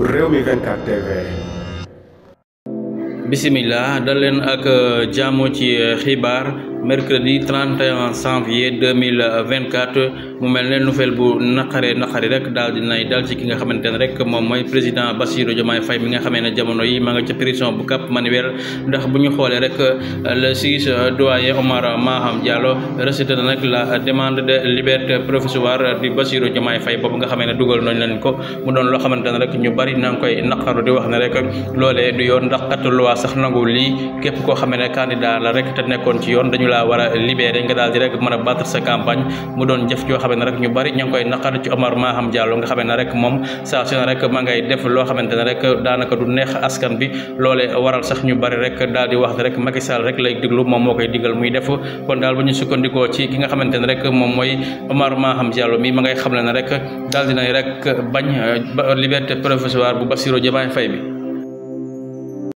Rewmi 24 TV. bisimilah leen ak jàmm ci xibaar. mercredi 31 janvier 2024 mu mel ne nouvelle bu naqare naqare rek daal di nay dal ci ki nga xamante ne rek moom mooy président Bassirou Diomaye Faye mi nga xamee ne jamono yi ma nga ca prison bu Cap Manuel ndax bu ñu rek le 6 doyen Omar Maham Diallo rejeté na nag la demande de liberté provisoire di Bassirou Diomaye Faye boobu nga xamee ne dugal nañ leen ko mu doon loo xamante ne rek ñu bari na koy naqaru di wax ne rek loolee du yoon ndax kat loi sax nangu lii képp koo xamee candidat la rek te nekkoon ci yoon dañu laa war a libéré nga daal di rek mën a battre sa campagne mu doon jëf joo xam ne rek ñu bari ñu ngi koy naqar ci Omar Maham Diallo nga xam ne rek moom saa su ma ngay def loo xamante ne rek daanaka du neex askan bi loolee waral sax ñu bari rek daal di wax rek Macky Sall rek lay diglu moom moo koy digal muy def kon daal bu ñu sukkandikoo ci ki nga xamante ne rek moom mooy Omar Maham Diallo mi ma ngay xam ne rek daal dinay rek bañ liberté provisoire bu Bassirou Diomaye fay bi